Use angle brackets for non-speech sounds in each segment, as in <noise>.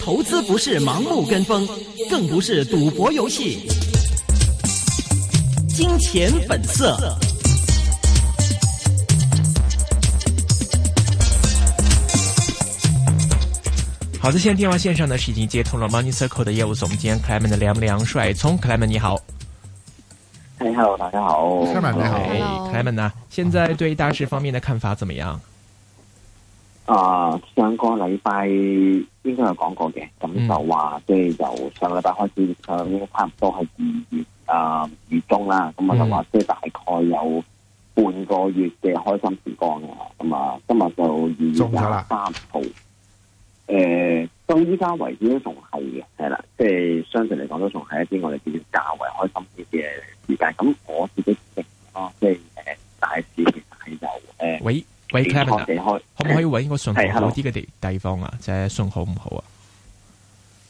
投資不是盲目跟風，更不是賭博遊戲。金錢本色。好的，現在電話線上呢是已經接通了 Money Circle 的業務總監 Clement 梁梁帥聰。Clement 你好。你好，大家好。Hi，Clement 呢？現在對大事方面的看法怎麼樣？啊、呃，上個禮拜應該有講過嘅，咁就話即係由上個禮拜開始，上、呃、差唔多係二月啊月、呃、中啦，咁我就話即係大概有半個月嘅開心時光嘅，咁、嗯、啊今日就二月廿三號，誒、呃、到依家為止都仲係嘅，係啦，即、就、係、是、相對嚟講都仲係一啲我哋自己較為開心啲嘅時間，咁我自己成咯，即係誒大市大牛誒。呃喂，可唔可以揾個信號好啲嘅地地方啊？即係信號唔好啊？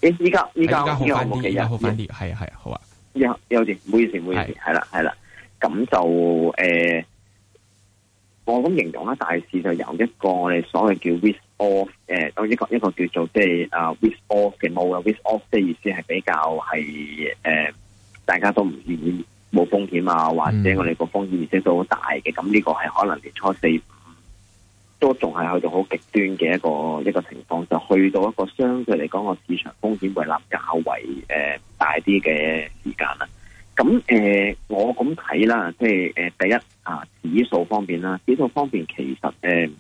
依依家依家好翻啲，依家好翻啲，係啊係啊，好啊。有有事，冇事冇事，係啦係啦。咁就誒，我咁形容啦，大市就有一個我哋所謂叫 risk off 誒，一個一個叫做即係啊 risk off 嘅冇啊 risk off 即係意思係比較係誒，大家都唔願意冇風險啊，或者我哋個風險意識都好大嘅。咁呢個係可能年初四，都仲係去到好極端嘅一個，的一，個一個情況，就去到一個相對嚟講個市場風險背壓較為誒、呃、大啲嘅時間啦。咁誒、呃，我咁睇啦，即係誒、呃，第一啊，指數方面啦，指數方面其實誒，有、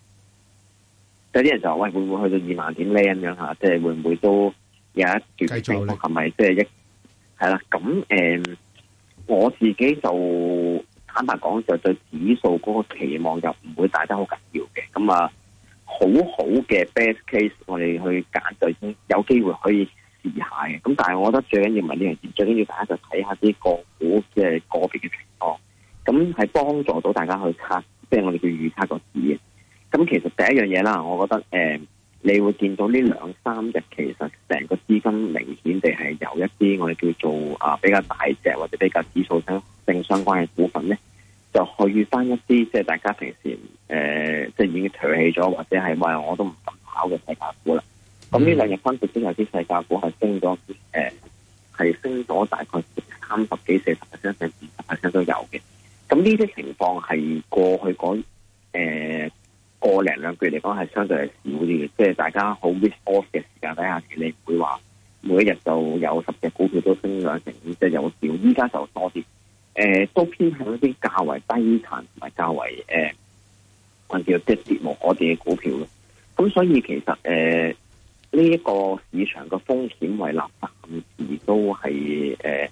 呃、啲人就話喂會唔會去到二萬點呢咁樣吓？即係會唔會都有一段情況係咪？是不是即係一係啦。咁誒、呃，我自己就。坦白講，就對指數嗰個期望就唔會大得好緊要嘅。咁啊，好好嘅 best case，我哋去揀就已經有機會可以試下嘅。咁但係我覺得最緊要唔係呢樣事，最緊要大家就睇下啲個股嘅、即係、個別嘅情況，咁係幫助到大家去測，即、就、係、是、我哋叫預測個指。咁其實第一樣嘢啦，我覺得誒、呃，你會見到呢兩三日其實成個資金明顯地係有一啲我哋叫做啊、呃、比較大隻或者比較指數性，性相關嘅股份咧。就去翻一啲，即、就、係、是、大家平時誒，即、呃、係、就是、已經頹氣咗，或者係話、哎、我都唔敢炒嘅細價股啦。咁呢兩日分別都有啲細價股係升咗，誒、呃、係升咗大概三十幾、四十 percent、甚至五十 percent 都有嘅。咁呢啲情況係過去講誒個零兩個月嚟講係相對係少啲嘅，即、就、係、是、大家好 risk off 嘅時間底下，你唔會話每一日就有十隻股票都升兩成，即、就、係、是、有少。依家就多啲。誒、呃，都偏向一啲較為低層同埋較為，誒、呃，我哋嘅啲節目，我哋嘅股票咯。咁所以其實，誒、呃，呢、這、一個市場嘅風險為立，暫時都係，誒，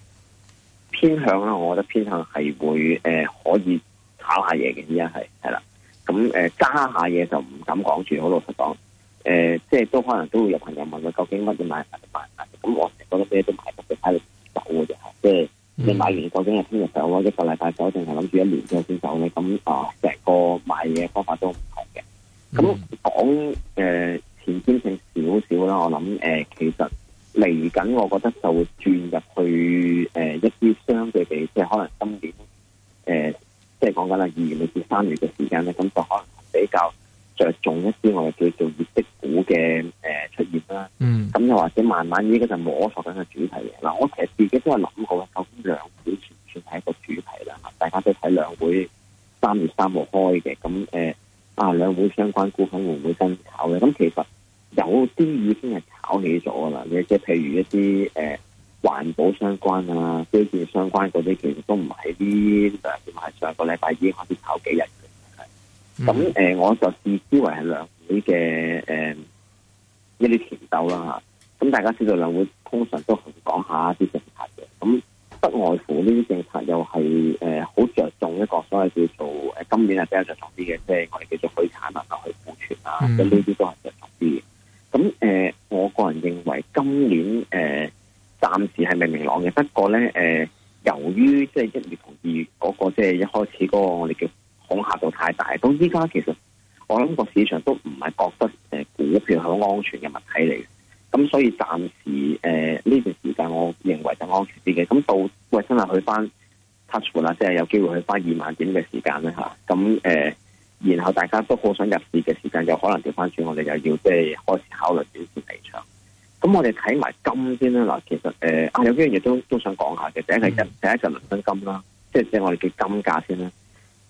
偏向啦。我覺得偏向係會，誒、呃，可以炒一下嘢嘅。依家係，係啦。咁誒、呃，加一下嘢就唔敢講住，好老實講、呃。即係都可能都會有朋友問佢究竟乜嘢買，乜嘢買。咁我覺得咩都買，都俾佢走嘅啫，即你、嗯、買完究竟係聽日走，或一個禮拜走，定係諗住一年再先走咧？咁啊，成個買嘢方法都唔同嘅。咁講嘅前瞻性少少啦，我諗誒、呃，其實嚟緊我覺得就會轉入去誒、呃、一啲相對比，比，即係可能今年誒、呃，即係講緊啦二月至三月嘅時間咧，咁就可能比較着重一啲我哋叫做業績股嘅誒、呃、出現啦。咁又或者慢慢依家就摸索緊嘅主題嘅嗱、啊，我其實自己都有諗過兩會全算係一個主題啦，大家都睇兩會三月三號開嘅，咁誒、嗯，啊兩會相關股份會唔會跟炒嘅？咁其實有啲已經係炒起咗噶啦，即係譬如一啲誒環保相關啊、基建相關嗰啲，其實都唔喺啲誒，甚至上個禮拜已經開始炒幾日嘅，咁誒，我就視之為係兩會嘅誒一啲前奏啦吓。咁大家知道兩會通常都同講下啲不外乎呢啲政策又係誒好着重一個，所謂叫做誒、呃、今年係比較着重啲嘅，即係我哋叫做去產能啊、去庫存啊，咁呢啲都係着重啲嘅。咁誒、呃，我個人認為今年誒暫、呃、時係未明朗嘅。不過咧誒、呃，由於即係一月同二月嗰、那個即係一開始嗰個我哋叫恐嚇度太大，到依家其實我諗個市場都唔係覺得誒股票係好安全嘅物體嚟。咁所以暫時誒呢段時間，我認為就安全啲嘅。咁到喂真係去翻 touch 啦，即係有機會去翻二萬點嘅時間咧嚇。咁、啊、誒、呃，然後大家都好想入市嘅時間，有可能調翻轉我，我哋又要即係開始考慮短線離場。咁我哋睇埋金先啦。嗱，其實誒、呃啊、有幾樣嘢都都想講下嘅。是人嗯、第一係一第一個倫敦金啦，即係即係我哋叫金價先啦。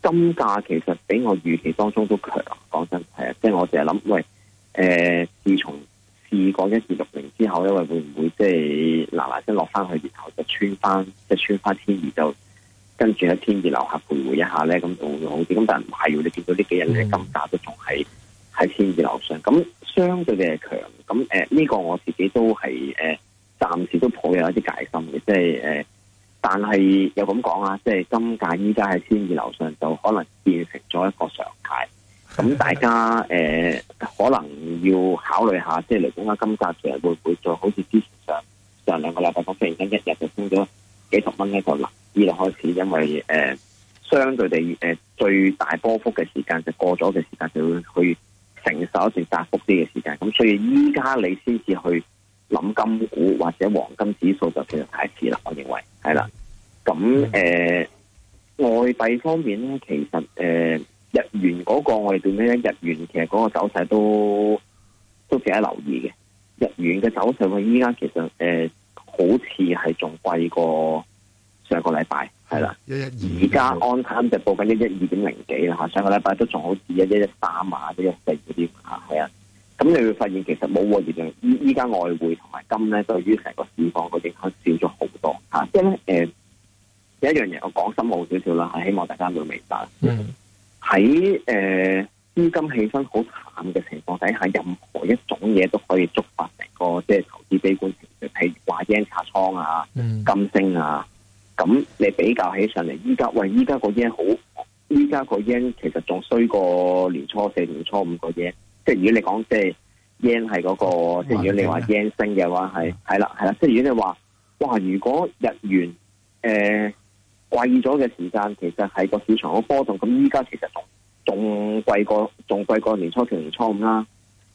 金價其實比我預期當中都強。講真係啊，即係我淨係諗，喂誒、呃，自從。試過一二六零之後，因為會唔會即係嗱嗱聲落翻去，然後就穿翻，即係穿翻千二，就跟住喺千二樓下徘徊一下咧，咁就會好啲。咁但係，唔係喎，你見到呢幾日咧，金價都仲係喺千二樓上，咁相對嘅強。咁誒呢個我自己都係誒、呃，暫時都抱有一啲戒心嘅。即係誒、呃，但係又咁講啊，即係金價依家喺千二樓上，就可能變成咗一個常態。咁大家誒、呃，可能。要考慮一下，即係嚟講下金價其實會唔會再好似之前上上兩個禮拜咁，忽然間一日就升咗幾十蚊一個釐啲啦開始，因為誒、呃、相對地誒、呃、最大波幅嘅時間就過咗嘅時間，就會去承受一段窄幅啲嘅時間，咁所以依家你先至去諗金股或者黃金指數就其實太遲啦，我認為係啦。咁誒、呃、外幣方面咧，其實誒日元嗰個我哋叫咩咧，日元其實嗰個走勢都～都值得留意嘅，日元嘅走勢，去，依家其實誒、呃，好似係仲貴過上個禮拜，係啦，而家安泰就報緊一一二點零幾啦吓，上個禮拜都仲好似一一一三啊，一一四嗰啲啊，係啊，咁你會發現其實冇我哋，依家外匯同埋金咧，對於成個市況個影響少咗好多吓，即係咧誒，有一樣嘢我講深奧少少啦，係希望大家會明白，嗯，喺誒。呃資金氣氛好淡嘅情況底下，任何一種嘢都可以觸發成個即係投資悲觀情緒，譬如話 yen 查倉啊、金升啊。咁你比較起上嚟，依家喂，依家個 yen 好，依家個 yen 其實仲衰過年初四、年初五個嘢。即係如果你講即係 yen 係嗰個，即係哇如果你話 yen 升嘅話，係係啦係啦。即係如果你話，哇！如果日元誒貴咗嘅時間，其實係個市場嘅波動，咁依家其實仲。仲貴過仲貴過年初期年初五啦，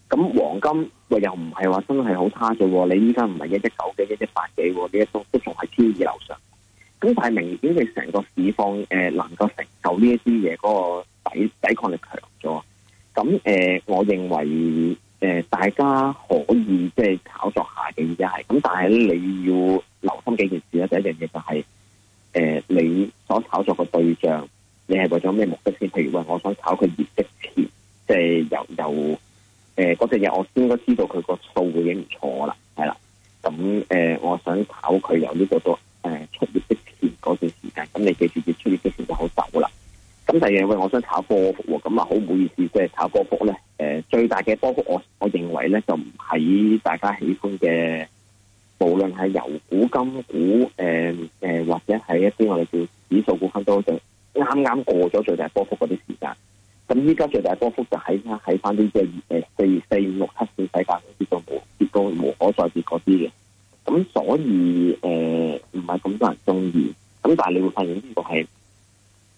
咁黃金喂、哎、又唔係話真係好差嘅，你依家唔係一一九幾、哦、一一八幾，呢一都都仲係天二樓上，咁但係明顯嘅，成個市況誒、呃、能夠承受呢一啲嘢嗰個抵抵抗力強咗，咁誒、呃、我認為誒、呃、大家可以即係炒作下嘅，依家係，咁但係咧你要留心幾件事啊，第一樣嘢就係、是、誒、呃、你所炒作嘅對象。你係為咗咩目的先？譬如喂、就是呃那個呃，我想炒佢、呃、業績前，即係由由誒嗰隻嘢，我先應該知道佢個數已經唔錯啦，係啦。咁、呃、誒，我想炒佢由呢個到誒出業績前嗰段時間，咁你幾時要出業績之前就好走啦。咁第二，喂，我想炒波幅喎，咁啊，好唔好意思，即、就、係、是、炒波幅咧？誒、呃，最大嘅波幅，我我認為咧，就唔係大家喜歡嘅，無論係油股金股，誒、呃、誒、呃，或者係一啲我哋叫指數股份都好。啱啱過咗最大波幅嗰啲時間，咁依家最大波幅就喺翻喺翻啲即誒四四五六七四底價嗰啲都冇跌到無可再跌嗰啲嘅，咁所以誒唔係咁多人中意，咁但係你會發現呢個係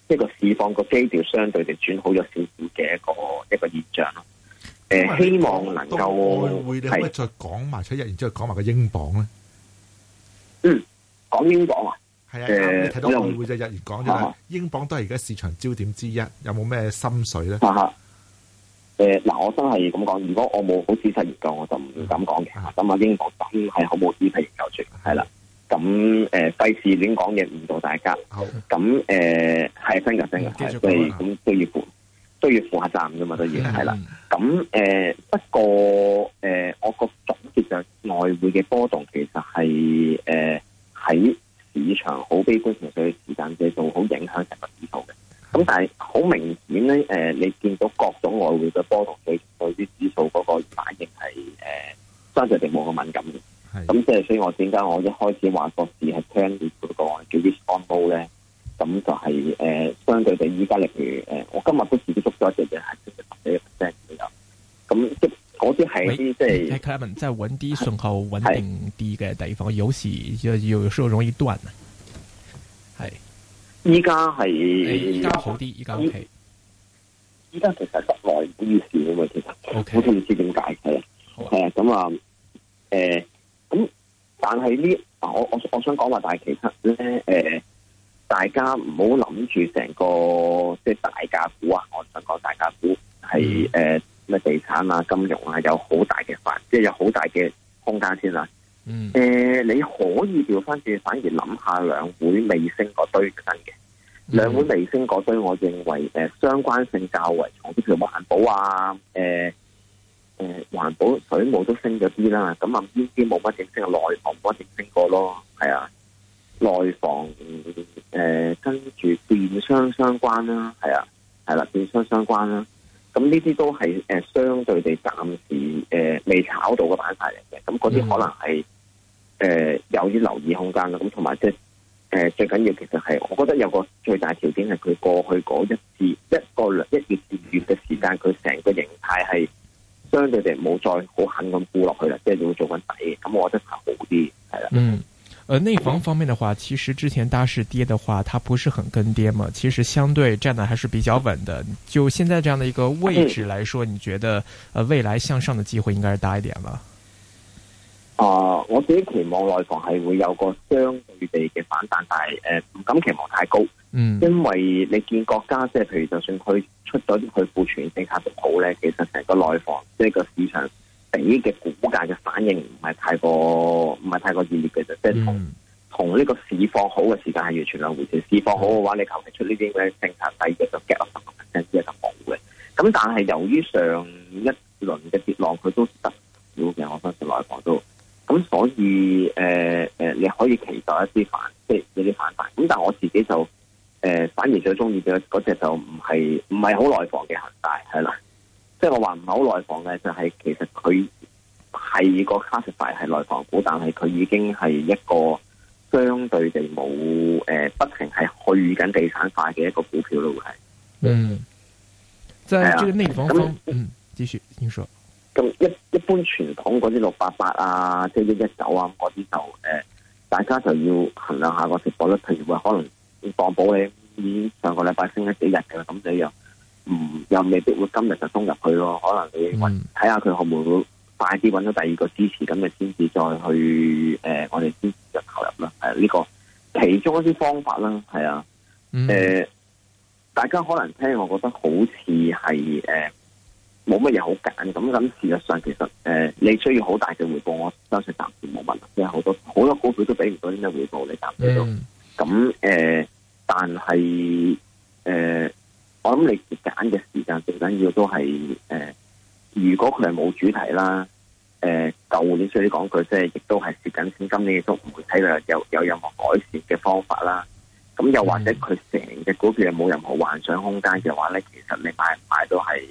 一係個市況個基調相對地轉好咗少少嘅一個一個現象咯。誒，希望能夠係再講埋七日，是然之後講埋個英鎊咧。嗯，講英鎊啊。係啊，睇、呃、到外匯、嗯、日日講，又哈英鎊都係而家市場焦點之一，有冇咩心水咧？啊哈，哈。嗱、呃呃，我真係咁講，如果我冇好仔細研究，我就唔敢講嘅。咁、嗯、啊，嗯、英鎊真係好冇仔細研究住，係啦、嗯。咁誒費事亂講嘢誤導大家。好、嗯。咁係真㗎真㗎，係咁都要負，都要負下責任㗎嘛都要。啦。咁不過、呃、我個總結就係外匯嘅波動其實係誒喺。呃市場好悲觀，同佢嘅時間節奏好影響成個指數嘅。咁但係好明顯咧，誒，你見到各種外匯嘅波動，對對啲指數嗰個反應係誒，相對地冇咁敏感嘅。咁即係所以我點解我一開始話博士係聽住嗰個叫 v i s h o a n a t h 咧，咁就係誒，相對地依家例如誒，我今日都自己捉咗一隻嘅係升咗十幾 percent 咁即。嗰啲係即係，喺 client 即係揾啲信號穩定啲嘅地方，有時有有時候容易斷啊。係，依家係依家好啲，依家 O K。依家、OK、其實不耐啲熱線啊嘛，其實 Okay. 我都唔知點解係，係咁啊，誒、呃，咁但係呢？我我我想講話，但係，其實咧，誒，大家唔好諗住成個即係，就是、大價股啊！我想講大價股係誒。是嗯咩地產啊、金融啊有很，就是、有好大嘅範，即係有好大嘅空間先啦。誒，你可以調翻轉，反而諗下兩會未升嗰堆嘅嘢。兩會未升嗰堆，我認為誒、呃、相關性較為重啲，譬如環保啊，誒誒環保水務都升咗啲啦。咁啊，邊啲冇乜點升啊？內房冇乜點升過咯，係啊。內房誒跟住電商相關啦，係啊，係啦，電商相關啦。咁呢啲都係、呃、相對地暫時、呃、未炒到嘅板塊嚟嘅，咁嗰啲可能係、呃、有啲留意空間嘅。咁同埋即係最緊要，其實係我覺得有個最大條件係佢過去嗰一次一個一月二月嘅時間，佢成個形態係相對地冇再好狠咁沽落去啦，即係你會做緊底。咁我覺得係好啲，係啦。嗯。呃，內房方面的話，其實之前大市跌的話，它不是很跟跌嘛，其實相對站得還是比較穩的。就現在這樣的一個位置來說，你覺得，呃，未來向上的機會應該是大一點啦。啊，我自己期望內房係會有個相對地嘅反彈，但係誒唔敢期望太高。嗯，因為你見國家即係，譬如就算佢出咗啲佢庫存政策好咧，其實成個內房即係個市場。俾嘅股價嘅反應唔係太過，唔係太過熱烈嘅啫，即係同同呢個市況好嘅時間係完全兩回事。市況好嘅話，你求其出呢啲咧，政策底，嘅就跌落十個百分點，之係就好嘅。咁但係由於上一輪嘅跌浪，佢都得要嘅，我相信內房都。咁所以誒誒、呃，你可以期待一啲反，即係有啲反彈。咁但係我自己就誒、呃，反而最中意嘅嗰隻就唔係唔係好內房嘅恒大，係啦。即係我話唔係好內房嘅，就係、是、其實佢係個 classify 係內房股，但係佢已經係一個相對地冇誒、呃，不停係去緊地產化嘅一個股票咯，係。嗯。即係呢個內房股。那嗯，繼續，聽說咁一一般傳統嗰啲六八八啊，即係一九啊那些，嗰啲就誒，大家就要衡量下個市況啦。譬如話可能放保你已經上個禮拜升咗幾日噶啦，咁就唔又未必會今日就衝入去咯，可能你睇下佢可唔會快啲搵到第二個支持咁嘅，先至再去誒、呃，我哋就投入啦。係呢個其中一啲方法啦，係啊，誒、嗯呃，大家可能聽，我覺得好似係誒，冇乜嘢好揀。咁咁事實上，其實誒、呃，你需要好大嘅回報，我相信暫時冇乜，即係好多好多股票都俾唔到呢啲回報你到，你暫時都咁誒，但係誒。呃我諗你揀嘅時間最緊要都係誒、呃，如果佢係冇主題啦，誒舊年出啲講句，即係亦都係蝕緊錢，今年亦都唔會睇到有有，有任何改善嘅方法啦。咁又或者佢成隻股票又冇任何幻想空間嘅話咧，其實你買唔買都係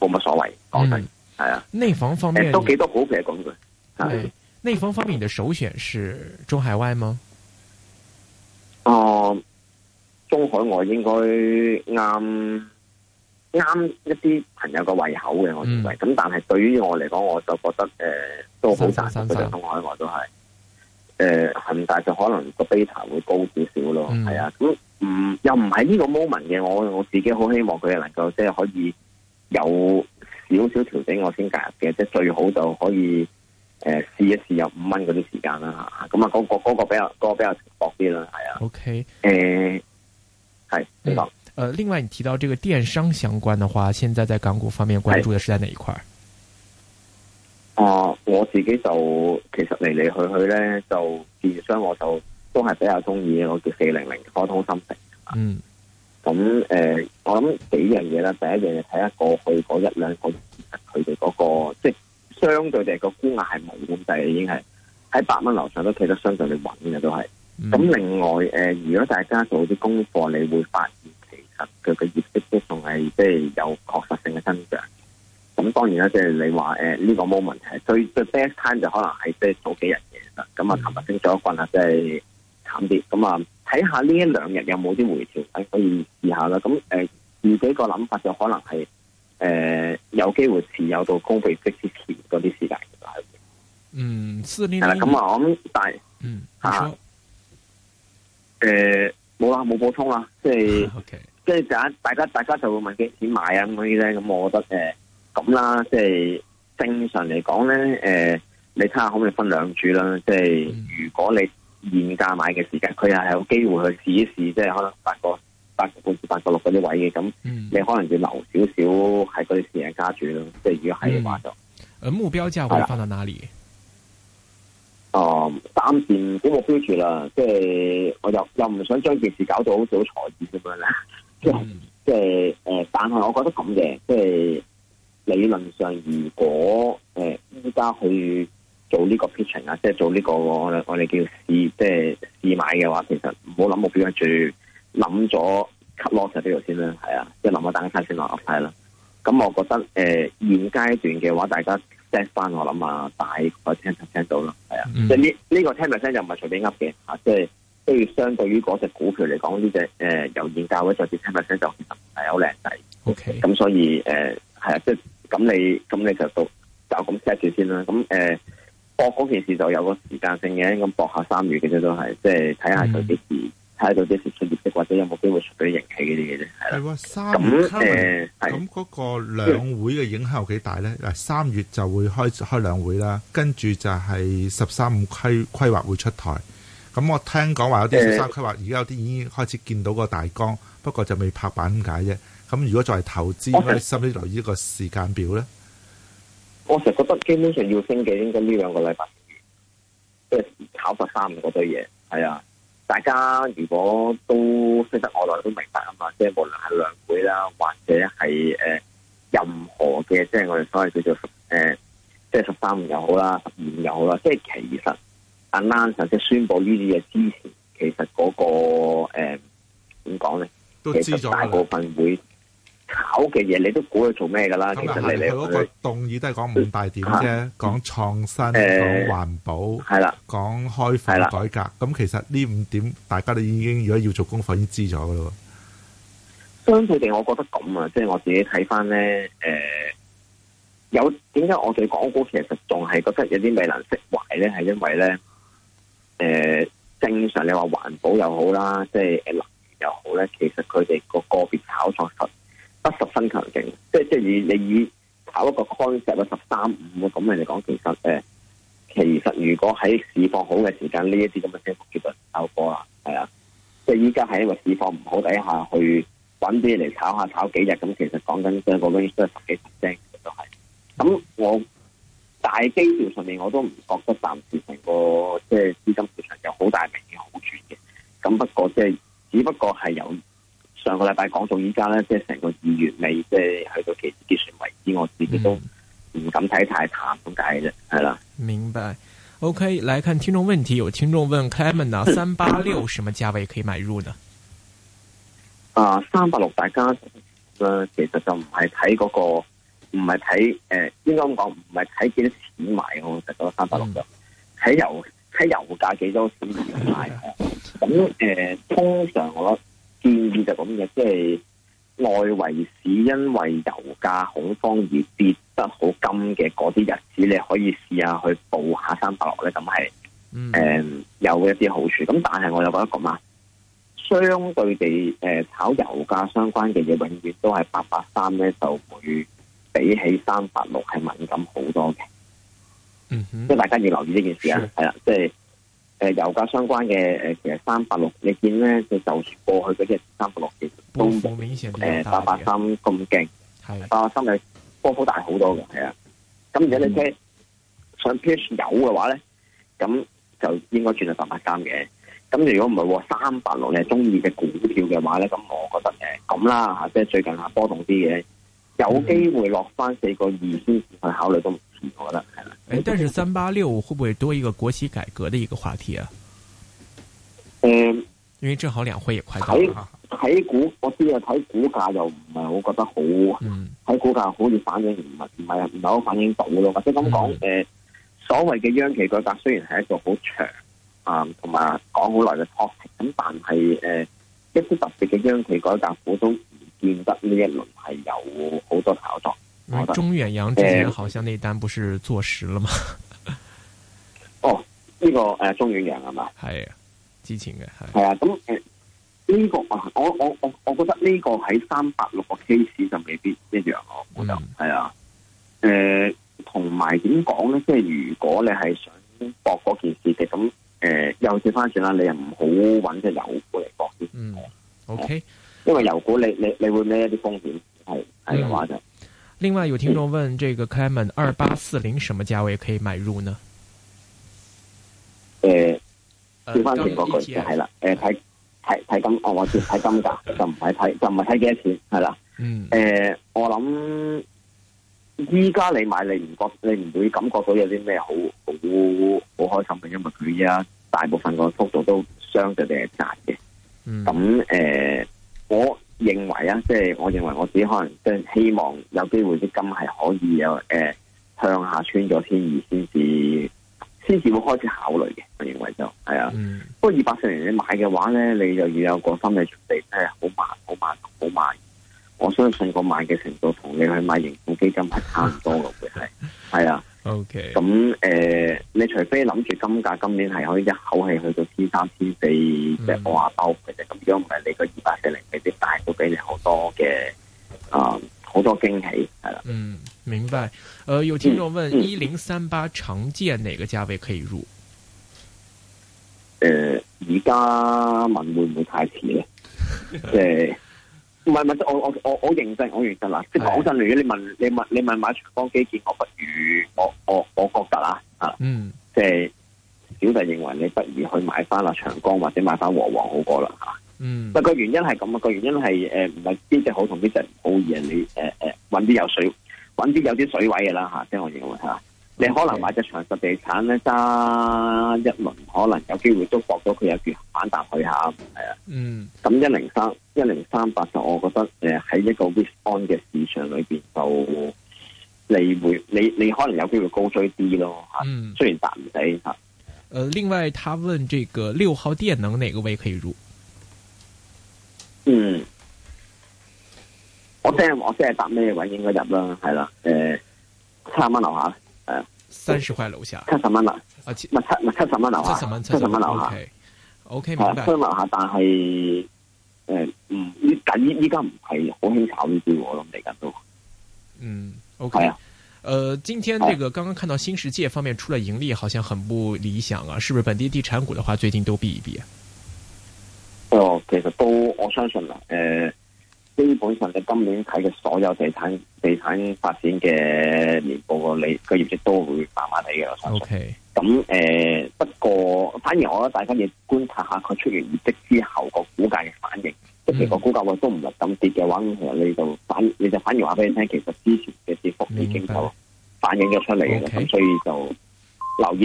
冇乜所謂。講真係啊。內的房方面都幾、呃、你多股嘅講句，內對的房方面嘅首選是中海外嗎？哦、呃。中海外應該啱啱一啲朋友嘅胃口嘅，我認為咁。嗯、但係對於我嚟講，我就覺得誒、呃、都好賺嘅。中海外都係誒、呃、恒大就可能個 beta 會高少少咯。係、嗯、啊，咁、嗯、唔又唔係呢個 moment 嘅，我我自己好希望佢能夠即係、就是、可以有少少調整我介，我先介入嘅。即係最好就可以誒、呃、試一試入五蚊嗰啲時間啦嚇。咁啊嗰、啊那個那個比較嗰、那個比較薄啲啦，係啊。OK 誒、呃。係，嗯，呃，另外你提到這個電商相關的話，現在在港股方面關注的是在哪一塊？哦、啊，我自己就其實嚟嚟去去咧，就電商我就都係比較中意嘅，我叫四零零，科通芯城，啊、嗯，咁誒、嗯、呃，我諗幾樣嘢啦，第一樣嘢睇下過去嗰一兩個，其實佢哋個即係相對嚟個估價係冇咁低，已經係喺八蚊樓上都企得，相對地穩嘅都係。咁、嗯、另外，誒、呃，如果大家做啲功課，你會發現其實佢嘅業績都仲係即係有確實性嘅增長。咁當然啦，即係你話誒呢個 moment 係最最 best time 就可能係即係早幾日嘅啦。咁啊，琴日升咗一棍啊，即係慘啲。咁啊，睇下呢一兩日有冇啲回調，誒可以試下啦。咁誒、呃、自己個諗法就可能係誒、呃、有機會持有到高倍息之前嗰啲時間嘅、就是、嗯，係啦。咁、嗯、啊，我諗但係嗯嚇。誒，冇啦，冇補充啦，即係，跟住陣間大家大家就會問幾錢買啊，咁嗰啲咧，咁我覺得誒咁啦，即係正常嚟講咧，誒、呃，你睇下可唔可以分兩注啦，即係、嗯、如果你現價買嘅時間，佢又係有機會去試一試，即係可能八個八個半至八個六嗰啲位嘅，咁、嗯、你可能要留少少喺嗰啲時間加住咯，即係如果喺嘅話就。咁、嗯、目標價會放到哪裡？哦，三件目標住啦，即係我又我又唔想將件事搞到好似好財字咁樣咧，嗯、即係即係誒，但係我覺得咁嘅，即係理論上如果誒依家去做呢個 pitching 啊，即係做呢個我哋我哋叫試，即係試買嘅話，其實唔好諗目標住，諗咗 cut loss 喺呢度先啦，係啊，即係諗下等一餐先落，係咯、啊。咁、嗯、我覺得誒、呃、現階段嘅話，大家。t e 翻我諗、mm hmm. 啊，大概聽唔聽到啦，係啊，即係呢呢個聽 p e 又唔係隨便噏嘅吓，即係都要相對於嗰隻股票嚟講呢隻誒由現價嗰隻跌 p e r c e n 就係好靚仔，ok，咁所以誒係啊，即係咁你咁你就到就咁 t e t 住先啦，咁誒博嗰件事就有個時間性嘅，咁博下三月其啫都係，即係睇下佢幾時。Hmm. 睇到啲跌出跌息，或者有冇機會出啲人氣嗰啲嘢咧？係。咁咁嗰個兩會嘅影響有幾大咧？嗱的，三月就會開開兩會啦，跟住就係十三五規規劃會出台。咁我聽講話有啲十三規劃，而家、嗯、有啲已經開始見到個大綱，不過就未拍板解啫。咁如果作為投資，我係是深啲留意呢個時間表咧。我成日覺得基本上要升嘅，應該呢兩個禮拜，即、就、係、是、炒十三五嗰堆嘢。係啊。大家如果都其實我哋都明白啊嘛，即係無論係兩會啦，或者係誒、呃、任何嘅，即係我哋所謂叫做誒、呃，即係十三五又好啦，十二五又好啦，即係其實 announce 即宣布呢啲嘢之前，其實嗰、那個誒點講咧，呃、呢都知道大部分會炒嘅嘢，你都估佢做咩噶啦？嗯、其實你你嗰個動議都係講五大點啫，講、嗯嗯、創新，講、嗯、環保，係啦、嗯。講開放改革，咁的其實呢五點，大家都已經如果要做功課，已經知咗噶咯。相對地，我覺得咁啊，即、就、係、是、我自己睇翻咧，誒、呃，有點解我哋港股其實仲係覺得有啲未能釋懷咧，係因為咧，誒、呃，正常你話環保又好啦，即係誒能源又好咧，其實佢哋個個別炒作實不十分強勁，即係即係以你以炒一個 concept 十三五咁嚟嚟講，其實誒。其實如果喺市況好嘅時間，呢一啲咁嘅嘢其實炒過啦，係啊。即係依家係一個市況唔好，底下去揾啲嘢嚟炒下，炒幾日咁。其實講緊即係嗰啲都係十幾十 percent 其實都係。咁我大基調上面我都唔覺得暫時成個即係資金市場有好大明顯好轉嘅。咁不過即係，只不過係由上個禮拜講到依家咧，即係成個二月尾，即係去到期市結算為止，我自己都。嗯唔敢睇太淡的，咁解啫，係啦。明白，OK，來看聽眾問題，有聽眾問 Clement 啊，三八六什麼價位可以買入呢？啊，三八六，大家誒、啊，其實就唔係睇嗰個，唔係睇誒，應該講唔係睇幾多錢買嘅，我覺得三八六嘅，油喺油價幾多錢買？咁誒，通常我建議就咁嘅，即係。外圍市因為油價恐慌而跌得好深嘅嗰啲日子，你可以試下去報下三八六咧，咁係誒有一啲好處。咁但係我又覺得咁啊，相對地，誒、呃、炒油價相關嘅嘢，永遠都係八八三咧，就會比起三八六係敏感好多嘅。嗯哼，即係大家要留意呢件事啊，係啦是，即係。就是誒，油價相關嘅誒，其實三百六，你見咧，就算過去嗰隻三百六其實都誒冇以前八八三咁勁，八八三嘅波幅大好多嘅，係啊。咁而且而家你睇上 P H 有嘅話咧，咁就應該轉到八八三嘅。咁如果唔係話三百六你係中意嘅股票嘅話咧，咁我覺得誒咁啦吓，即係最近波動啲嘅，有機會落翻四個二先去考慮都。嗯。係啦。誒，是但是三八六會不會多一個國企改革的一個話題啊？嗯、因為正好兩會也快到睇，啊、股，我知道，又睇股價又唔係，我覺得好睇，嗯、股價好似反映唔係唔係唔係好反映到咯。或者咁講，誒、嗯呃，所謂嘅央企改革雖然係一個好長啊，同、嗯、埋講好耐嘅 topic 咁但係誒、呃，一啲特別嘅央企改革股都唔見得呢一輪係有好多炒作。嗯、中遠洋之前好像那單不是坐實了嗎？嗯、哦、呢、這個誒、呃、中遠洋係嘛？係、啊，之前嘅係啊。咁誒呢個我我我我覺得呢個喺三百六個 case 就未必一樣咯。我就嗯，係啊。誒、呃，同埋點講咧？即係如果你係想博嗰件事嘅，咁誒又折翻轉啦。你又唔好揾隻油股嚟博啲。嗯、啊、，OK。因為油股你你你會孭一啲風險，係係嘅話就。嗯另外有聽眾問：這個 Kamman 二八四零什麼價位可以買入呢？誒、嗯，誒、啊，高點睇啦，誒， <noise> 睇睇睇金，哦，我錯，睇金價就唔係睇就唔係睇幾多錢，係啦，嗯，誒，我諗依家你買，你唔覺你唔會感覺到有啲咩好好好開心嘅，因為佢而家大部分個幅度都相對地係窄嘅，嗯，咁誒，我。 <noise> 嗯認為啊，即係我認為我自己可能即係希望有機會啲金係可以有誒、呃、向下穿咗先，而先至先至會開始考慮嘅。我認為就係啊，嗯、不過二百四年你買嘅話咧，你就要有個心理準備，即係好慢、好慢、好慢。我相信個買嘅程度同你去買盈富基金係差唔多嘅，會係係啊。O K。咁誒，你除非諗住金價今年係可以一口氣去到千三、嗯、千四即波我刀嘅，咁如果唔喂，誒、呃，有聽眾問一零三八長建哪個價位可以入？誒、嗯，而、嗯、家、呃、問會唔會太遲咧？即唔係唔係？我我我我認真、哎、講完真啦，即係講真嚟嘅。你問你問你問買長江基建，我不如我我我覺得啊啊，嗯，即係小弟認為你不如去買翻啊長江或者買翻和黃好過啦吓，啊、嗯。個原因係咁啊，個原因係誒唔係邊隻好同邊隻唔好，而係你誒誒揾啲油水。揾啲有啲水位嘅啦吓，即係我認為吓，Okay. 你可能買隻長實地產咧，揸一輪，可能有機會都博到佢有段反彈去吓，係啊。嗯。咁一零三一零三八就，我覺得誒喺、呃、一個 risk on 嘅市場裏邊就，你會你你可能有機會高追啲咯吓。嗯。雖然賺唔死吓，呃、嗯，啊、另外，他問這個六號電能哪個位可以入？嗯。我即我即係搭咩位應該入啦，係啦，誒、呃，七十蚊樓下，係三十塊樓下，七十蚊啦，啊七七十蚊樓下，七十蚊七十蚊樓下，O K 明白，七十下，但係誒唔依緊依家唔係好興炒呢啲，我諗嚟緊都，嗯，O K，誒，今天這個剛剛看到新世界方面出了盈利，好像很不理想啊，是不是本地地產股的話最近都避一避啊？哦、呃，其實都我相信啦，誒、呃。基本上你今年睇嘅所有地產地產發展嘅年報個你個業績都會麻麻地嘅，我相信。咁誒 Okay.、呃，不過反而我覺得大家要觀察下佢出完業績之後個股價嘅反應，嗯、即係個股價個都唔係咁跌嘅話，其實你就反你就反，你就反而話俾你聽，其實之前嘅跌幅已經就反映咗出嚟嘅啦，咁、okay. 所以就留意。